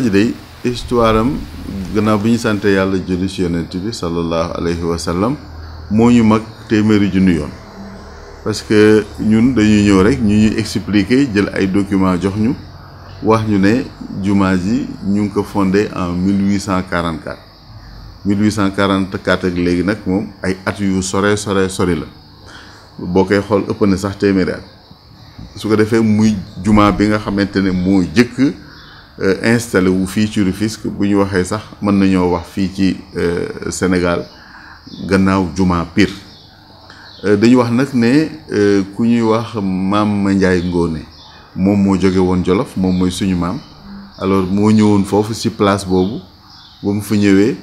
daara ji day histoire am gannaaw bi ñu sant yàlla julli si yonent bi sallallahu alayhi wa sallam moo ñu mag téeméeri junni yoon parce que ñun dañuy ñëw rek ñu ñu expliquer jël ay documents jox ñu wax ñu ne jumaa ji ñu ngi ko fonde en 1844 1844 ak léegi nag moom ay at yu sore sore sori la boo koy xool ëpp na sax téeméeri at su ko defee muy jumaa bi nga xamante ne moo jëkk Euh, installé wu fii ci Rufisque bu ñu waxee sax mën nañoo wax fii ci euh, Sénégal gannaaw juma Pire euh, dañu wax nag ne ku ñuy wax maam Ndiaye Ngone moom moo jóge woon Jolof moom mooy suñu maam alors moo ñëwoon foofu ci place boobu ba mu fa ñëwee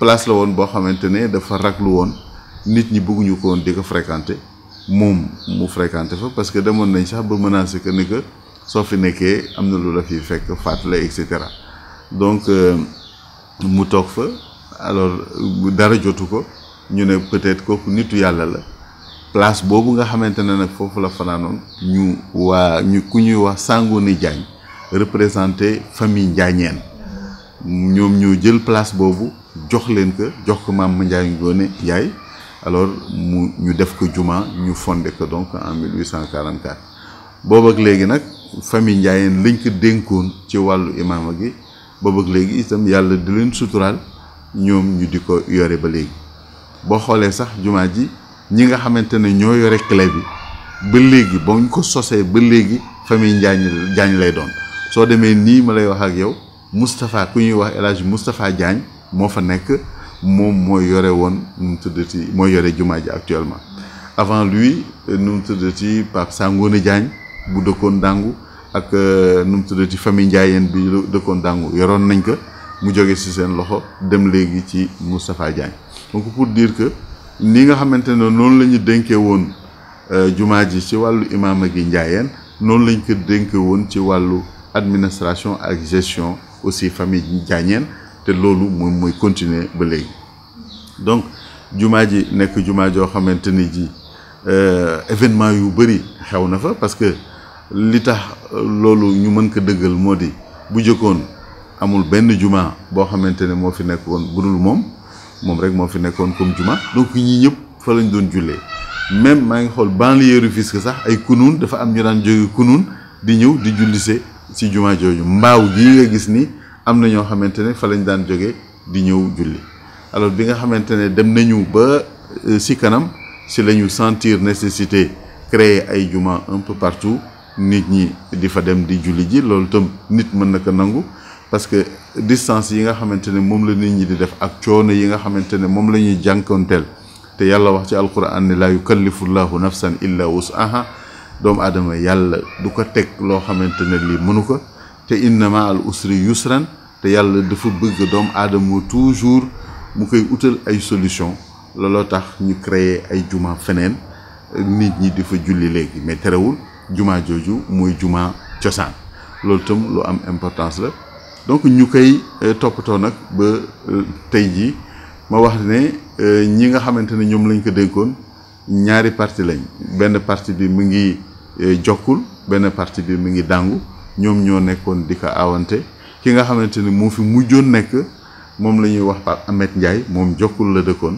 place la woon boo xamante ne dafa raglu woon nit ñi bëgguñu ko woon di ko fréquenter moom mu fréquenter fa parce que demoon nañ sax ba menacer que ni que. Sauf que nous avons fait fi fekk donc euh, mu alors dara peut-être nitu la place bobu nga xamante nak fofu la fanaanoon ñu wa ñu ku wax Nous Diagne représenter famille Njaañeen Nous, jël place Bobu, jox leen jox alors nous ñu def juma ñu fondé donc en 1844 famille njaayeen lañ ko dénkoon ci wàllu imaama gi boobu léegi itam yàlla di leen suturaal ñoom ñu di ko yore ba léegi boo xoolee sax jumaa ji ñi nga xamante ne ñoo yore clé bi ba léegi ba ñu ko sosee ba léegi famille njaañ jaañ lay doon soo demee nii ma lay wax ak yow Moustapha ku ñuy wax El Hadj Moustapha moo fa nekk moom mooy yore woon nu mu tuddati mooy yore jumaa ji actuellement avant lui nu mu tuddati Pape Sangoone Diagne bu dëkkoon dàngu ak euh, nu mu tuddati ci famille njaayeen bi dëkkoon dàngu yoroon nañ ko mu jóge ci seen loxo dem léegi ci Moustapha Diagne donc pour dire que ni nga xamante ne noonu la ñu dénkee woon euh, jumaa ji ci wàllu imaama gi njaayeen noonu lañ ko dénkee woon ci wàllu administration ak gestion aussi famille Diagneen te loolu moom mooy continuer ba léegi donc jumaa ji nekk jumaa joo xamante ni ji euh, événement yu bëri xew na fa parce que li tax euh, loolu ñu mën ko dëggal moo di bu jëkkoon amul benn juma boo xamante ne moo fi nekkoon bu dul moom moom rek moo fi nekkoon comme juma donc ñi ñëpp fa lañ doon jullee même maa ngi xool banlieue Rufisque sax ay kunuun dafa am ñu daan jóge kunuun di ñëw di jullise si juma jooju mbaaw gii gis ni am na ñoo xamante ne fa lañ daan jóge di ñëw julli alors bi nga xamante ne dem nañu ba euh, si kanam si la ñu sentir nécessité créer ay juma un peu partout nit ñi di fa dem di julli ji loolu tam nit mën na ko nangu parce que distance yi nga xamante ne moom la nit ñi di def ak coono yi nga xamante ne moom la ñuy jànkonteel te yàlla wax ci alquran ne laa yukallifu llahu nafsan illa wusaha doomu aadama yàlla du ko teg loo xamante ne lii mënu ko te innama al usri yusran te yàlla dafa bëgg doomu aadama toujours mu koy utal ay solution looloo tax ñu créer ay juma feneen nit ñi di fa julli léegi mais terewul jumaa jooju muy jumaa cosaan loolu itam lu am importance la donc ñu koy euh, toppatoo nag ba euh, tey jii ma wax ne euh, ñi nga xamante ne ñoom lañ ko dénkoon ñaari parti lañ benn parti bi mu ngi jokkul benn parti bi mu ngi dàngu ñoom ñoo nekkoon di ko awante ki nga xamante ni moo fi mujjoon nekk moom la ñuy wax Pape Ahmed Ndiaye moom jokkul la dëkkoon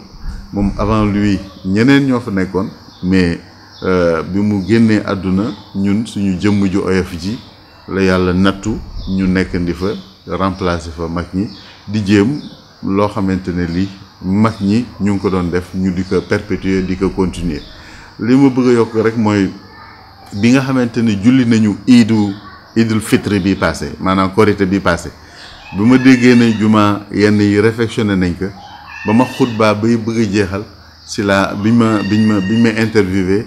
moom avant lui ñeneen ñoo fa nekkoon mais Euh, bi mu génnee àdduna ñun suñu jëmm ju oyof ji la yàlla nattu ñu nekkandi fa remplacer fa mag ñi di jéem loo xamante ne lii mag ñi ñu ngi ko doon def ñu di ko perpétuer di ko continuer li ma bëgg a yokk rek mooy bi nga xamante ne julli nañu iidu iidul fitre bi passé maanaam korité bi passé bi ma déggee ne juma yi réflexionné nañ ko ba ma xutbaa bay bëgg a jeexal si la biñ ma biñ ma biñ ma interviewé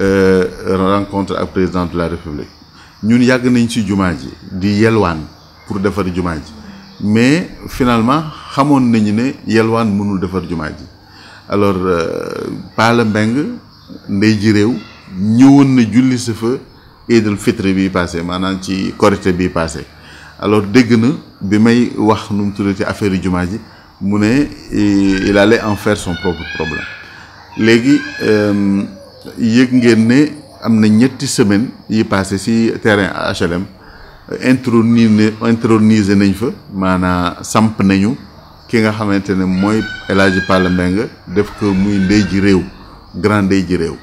Euh, rencontre ak président de la république ñun yàgg nañ ci jumaa ji di yelwaan pour defar jumaa ji mais finalement xamoon nañu ne yelwaan mënul defar jumaa ji alors euh, Pala Mbeng ndey ji réew ñëwoon na julli sa fa Eidul Fitr bi passé maanaam ci Korité bi passé alors dégg na bi may wax nu mu tuddati affaire jumaa ji mu ne il allait en faire son propre problème léegi euh, yëg ngeen ne am na ñetti semaine yi passé ci terrain HLM introniser introniser nañ fa maanaa samp nañu ki nga xamante ne mooy El Hadj nga def ko muy ndey ji réew grand ndey ji réew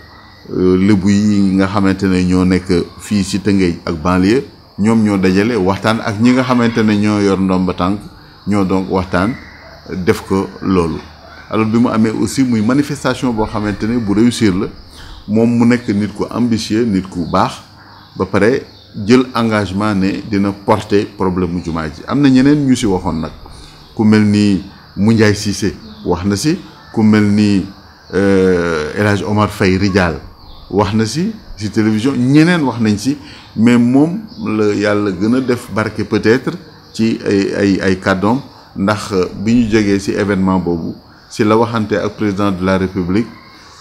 euh, lébu yi nga xamante ne ñoo nekk fii ci Tëngéej ak banlieue ñoom ñoo dajale waxtaan ak ñi nga xamante ne ñoo yor ndomba tànk ñoo donc waxtaan def ko loolu alors bi mu amee aussi muy manifestation boo xamante ne bu réussir la mom mu nek nit ku ambitieux nit ku bax ba paré jël engagement né dina porter problème mu jumaa ji am ñeneen ñu ci waxoon nak ku melni mu ndjay Cissé waxna ci ku melni euh El Hadj Omar Faye Ridial waxna ci ci télévision ñeneen wax nañ mais mom le, yalla gëna a def barké peut-être ci ay ay ay kàddoom ndax biñu ñu ci événement bobu ci la waxanté ak président de la république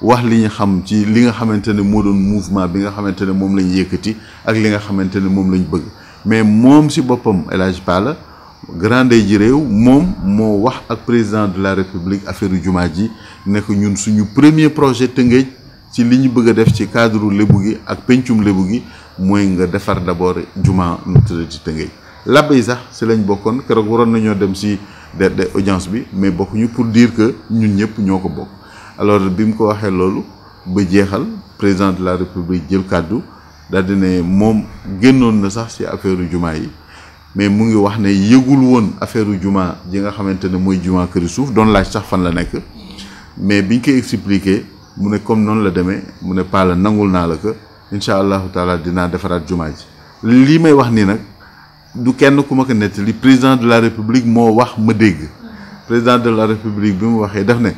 wax li ñu xam ci li nga xamante ne moo doon mouvement bi nga xamante ne moom lañ yëkkati ak li nga xamante ne moom lañ bëgg mais moom si boppam El Hadj Pala grande ji réew moom moo wax ak président de la république affaire jumaa ji nekk ñun suñu premier projet Tëngéej ci li ñu bëgg a def ci cadre lébu gi ak pencum lébu gi mooy nga defar d'abord jumaa nu tudd ci Tëngéej labbe yi sax si lañ bokkoon keroog waroon nañoo dem si de de audience bi mais bokkuñu pour dire que ñun ñëpp ñoo ko bokk. alors bi mu ko waxee loolu ba jeexal président de la république jël kàddu daal di ne moom génnoon na sax ci affaire jumaa yi mais mu ngi wax ne yëgul woon affaire jumaa ji nga xamante ne mooy jumaa këri suuf doon laaj sax fan la nekk mais biñ ko expliqué mu ne comme noonu la demee mu ne paa la nangul naa la ko incha allahu taala dinaa defaraat jumaa ji lii may wax nii nag du kenn ku ma ko nettali président de la république moo wax ma dégg président de la république bi mu waxee def ne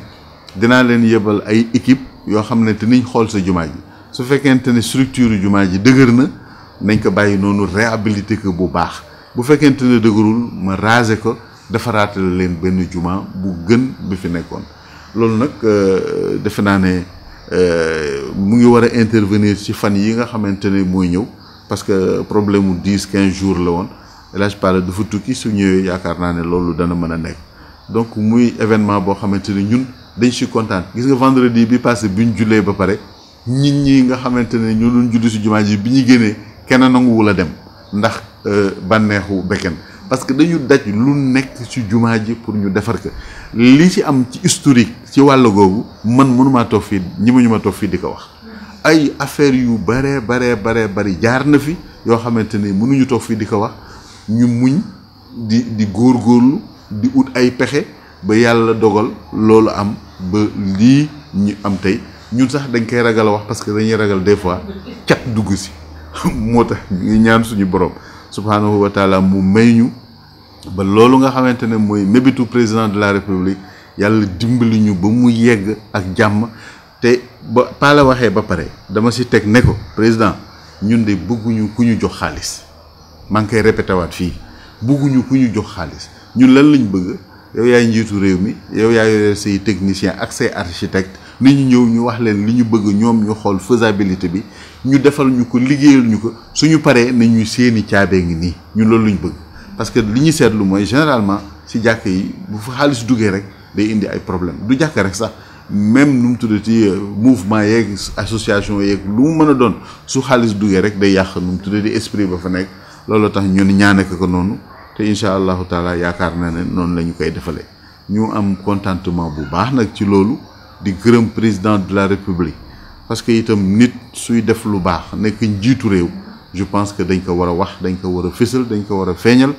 dinaa leen yebal ay équipe yoo xam ne te niñ xool sa jumaa ji su fekkente ne structure jumaa ji dëgër na nañ ko bàyyi noonu réhabilité ko bu baax bu fekkente ne dëgërul ma raser ko defaraatale leen benn jumaa bu gën bi fi nekkoon loolu nag euh, defe naa ne euh, mu ngi war a intervenir ci fan yi nga xamante ne mooy ñëw parce que problème mu dix quinze jours la woon El Hadj Pala dafa tukki su ñëwee yaakaar naa ne loolu dana mën a nekk donc muy événement boo xamante ne ñun. dañu si kontaan gis nga vendredi bi passé bi ñu jullee ba pare nit ñi nga xamante ne ñoo doon julli si jumaa ji bi ñu génnee kenn nanguwul a dem ndax euh, bànneexu bekken parce que dañu daj lu nekk ci jumaa ji pour ñu defar ko li ci am ci historique ci wàll googu man mënumaa toog fii ñi ma ñu ma toog fii di ko wax ay affaire yu bare bare bare bari jaar na fi yoo xamante ne mënuñu toog fii di ko wax ñu muñ di di góorgóorlu di ut ay pexe ba yàlla dogal loolu am ba lii ñu am tey ñun sax dañ koy ragal a wax parce que dañuy ragal des fois cat dugg si moo tax ñu ñaan suñu borom subhanahu wa taala mu may ñu ba loolu nga xamante ne mooy mébitu président de la république yàlla dimbali ñu ba mu yegg ak jàmm te ba paala waxee ba pare dama si teg ne ko président ñun de bëgguñu ku ñu jox xaalis maa ngi koy répété waat fii bëgguñu ku ñu jox xaalis ñun lan lañ bëgg yow yaay njiitu réew mi yow yaay yore say technicien ak say architecte ni ñu ñëw ñu wax leen li ñu bëgg ñoom ñu xool faisabilité bi ñu defal ñu ko liggéeyal ñu ko suñu paree na ñu seeni caabee ngi nii ñu loolu ñu bëgg parce que li ñu seetlu mooy généralement si jàkk yi bu fa xaalis duggee rek day indi ay problème du jàkk rek sax même nu mu tuddati euh, mouvement yeeg association yeeg lu mu mën a doon su xaalis duggee rek day yàq nu mu tuddati esprit ba fa nekk loolu tax ñun ñaanaka ko noonu te incha allahu taala yaakaar na ne noonu la ñu koy defalee ñu am contentement bu baax nag ci loolu di gërëm président de la république parce que itam nit suy def lu baax nekk njiitu réew je pense que dañ ko war a wax dañ ko war a fësal dañ ko war a feeñal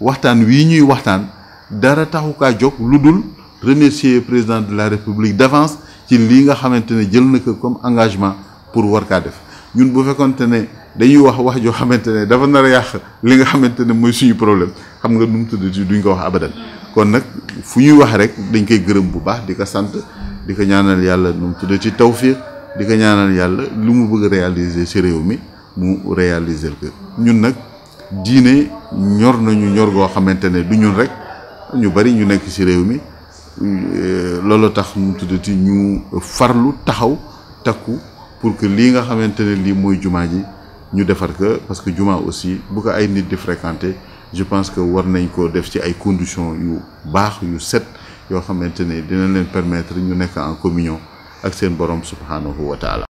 waxtaan wii ñuy waxtaan dara taxukaa kaa lu dul remercier président de la république d'avance ci lii nga xamante ne jël na ko comme engagement pour war kaa def ñun bu fekkante ne dañuy wax wax joo xamante ne dafa nar yàq li nga xamante ne mooy suñu problème xam nga nu mu tudd ci duñ ko wax abadan kon nag fu ñuy wax rek dañ koy gërëm bu baax di ko sant di ko ñaanal yàlla nu mu tudd ci tawfiq di ko ñaanal yàlla lu mu bëgg réaliser ci réew mi mu réaliser ñun nag diine ñor nañu ñor goo xamante ne du ñun rek ñu bari ñu nekk ci réew mi euh, loolu tax mu tuddati ñu farlu taxaw takku pour que l'île nga ne moy ji parce que Juma aussi bu ko ay nit je pense que war conditions yu baax yu set yo permettre en communion ak seen borom subhanahu wa taala